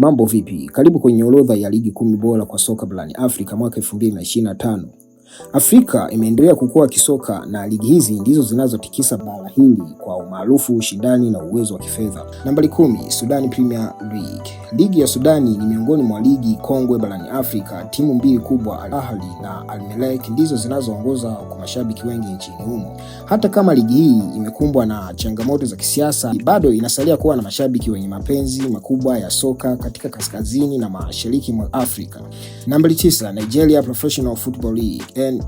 Mambo vipi? Karibu kwenye orodha ya ligi kumi bora kwa soka barani Afrika mwaka 2025. Afrika imeendelea kukua kisoka na ligi hizi ndizo zinazotikisa bara hili kwa umaarufu, ushindani na uwezo wa kifedha. Nambari kumi, Sudani Premier League. Ligi ya Sudani ni miongoni mwa ligi kongwe barani Afrika. Timu mbili kubwa, Al Ahly na Al Merrikh, ndizo zinazoongoza kwa mashabiki wengi nchini humo. Hata kama ligi hii imekumbwa na changamoto za kisiasa, bado inasalia kuwa na mashabiki wenye mapenzi makubwa ya soka katika kaskazini na mashariki mwa Afrika. Nambari tisa, Nigeria Professional Football League N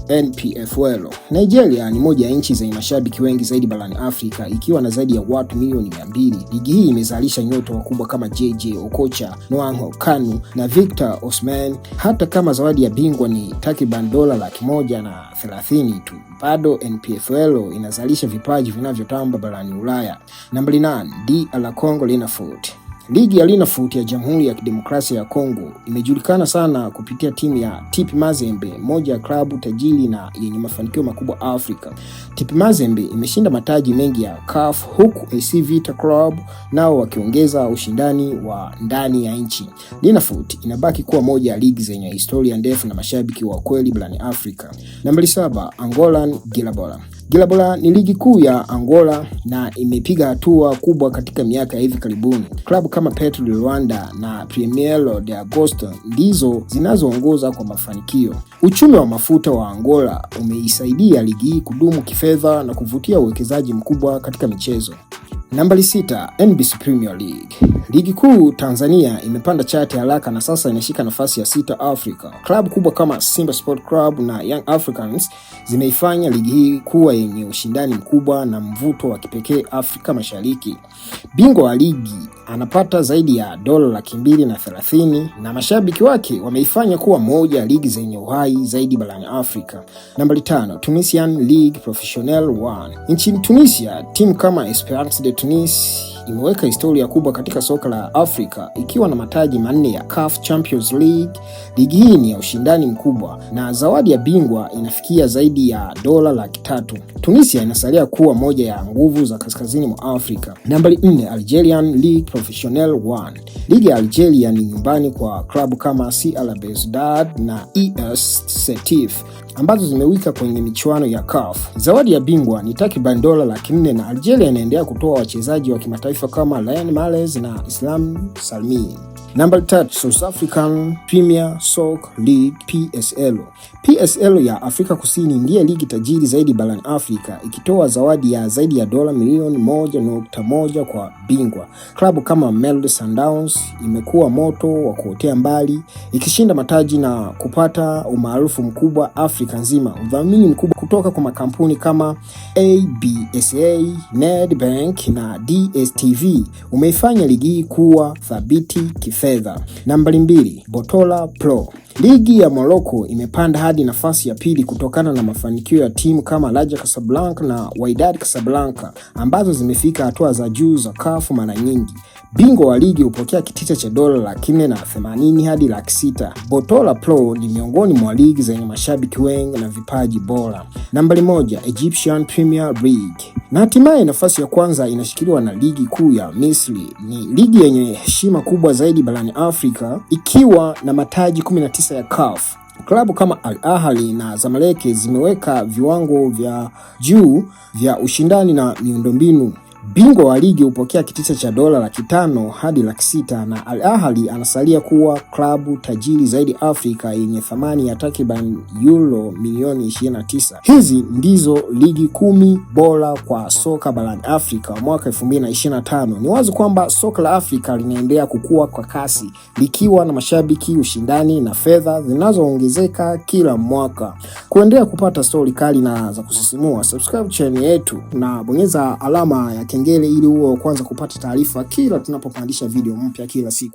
Nigeria ni moja ya nchi zenye mashabiki wengi zaidi barani Afrika ikiwa na zaidi ya watu milioni 200. Ligi hii imezalisha nyota wakubwa kama JJ Okocha, Nwankwo Kanu na Victor osman Hata kama zawadi ya bingwa ni takriban dola laki moja na thelathini tu, bado NPFL inazalisha vipaji vinavyotamba barani Ulaya. Nambari 8 DR Congo Linafort Ligi ya Linafoot ya Jamhuri ya Kidemokrasia ya Kongo imejulikana sana kupitia timu ya TP Mazembe, moja ya klabu tajiri na yenye mafanikio makubwa Afrika. TP Mazembe imeshinda mataji mengi ya CAF huku AC Vita Club nao wakiongeza ushindani wa ndani ya nchi. Linafoot inabaki kuwa moja ya ligi zenye historia ndefu na mashabiki wa kweli barani Afrika. Nambari saba, Angolan Gilabora. Gilabola ni ligi kuu ya Angola na imepiga hatua kubwa katika miaka ya hivi karibuni. Klabu kama Petro de Luanda na Primeiro de Agosto ndizo zinazoongoza kwa mafanikio. Uchumi wa mafuta wa Angola umeisaidia ligi hii kudumu kifedha na kuvutia uwekezaji mkubwa katika michezo. Nambari sita, NBC Premier League. Ligi kuu Tanzania imepanda chati haraka na sasa inashika nafasi ya sita Afrika. Klabu kubwa kama Simba Sport Club na Young Africans zimeifanya ligi hii kuwa yenye ushindani mkubwa na mvuto wa kipekee Afrika Mashariki. Bingwa wa ligi anapata zaidi ya dola laki mbili na thelathini na mashabiki wake wameifanya kuwa moja ya ligi zenye uhai zaidi barani Afrika. Nambari tano, Tunisian League Professionnelle 1 nchini Tunisia, timu kama Esperance de Tunis imeweka historia kubwa katika soka la Afrika ikiwa na mataji manne ya CAF Champions League. Ligi hii ni ya ushindani mkubwa na zawadi ya bingwa inafikia zaidi ya dola laki tatu. Tunisia inasalia kuwa moja ya nguvu za kaskazini mwa Afrika. Nambari 4, Algerian League Professionnel 1. Ligi ya Algeria ni nyumbani kwa klabu kama CR Belouizdad na ES Setif ambazo zimewika kwenye michuano ya CAF. Zawadi ya bingwa ni takriban dola laki nne na Algeria inaendelea kutoa wachezaji wa kimataifa kama Ryan Mahrez na Islam Salmi. Namba tatu, South African Premier Soccer League PSL. PSL ya Afrika Kusini ndiye ligi tajiri zaidi barani Afrika, ikitoa zawadi ya zaidi ya dola milioni moja nukta moja kwa bingwa. Klabu kama Mamelodi Sundowns imekuwa moto wa kuotea mbali, ikishinda mataji na kupata umaarufu mkubwa Afrika nzima. Udhamini mkubwa kutoka kwa makampuni kama ABSA, Nedbank na DStv umeifanya ligi hii kuwa thabiti kifedha fedha. Nambari mbili, Botola Pro. Ligi ya Morocco imepanda hadi nafasi ya pili kutokana na mafanikio ya timu kama Raja Casablanca na Wydad Casablanca ambazo zimefika hatua za juu za kafu mara nyingi. Bingwa wa ligi hupokea kitita cha dola laki nne na themanini hadi laki sita. Botola Pro ni miongoni mwa ligi zenye mashabiki wengi na vipaji bora. Nambari moja, Egyptian Premier League. Na hatimaye nafasi ya kwanza inashikiliwa na ligi kuu ya Misri. Ni ligi yenye heshima kubwa zaidi barani Afrika ikiwa na mataji 19 ya CAF. Klabu kama Al Ahly na Zamalek zimeweka viwango vya juu vya ushindani na miundombinu. Bingwa wa ligi hupokea kitita cha dola laki tano hadi laki sita na Al Ahly anasalia kuwa klabu tajiri zaidi Afrika yenye thamani ya takriban euro milioni 29. Hizi ndizo ligi kumi bora kwa soka barani Afrika mwaka 2025. Ni wazi kwamba soka la Afrika linaendelea kukua kwa kasi likiwa na mashabiki, ushindani na fedha zinazoongezeka kila mwaka. Kuendelea kupata stori kali na za kusisimua, subscribe channel yetu na bonyeza alama ya kengele ili uwe wa kwanza kupata taarifa kila tunapopandisha video mpya kila siku.